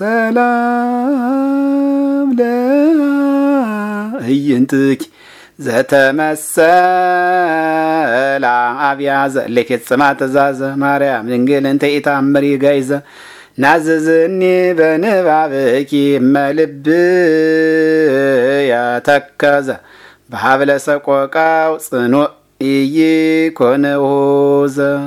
ሰላም ለእይንትኪ ዘተመሰላ አብያዘ ለፌጽማ ትእዛዘ ማርያም ድንግል እንተ ኢታምሪ ጋይዘ ናዝዝኒ በንባብኪ መልብየ ተከዘ በሀብለ ሰቆቃው ጽኑዕ ኢይኮነ ውሁዘ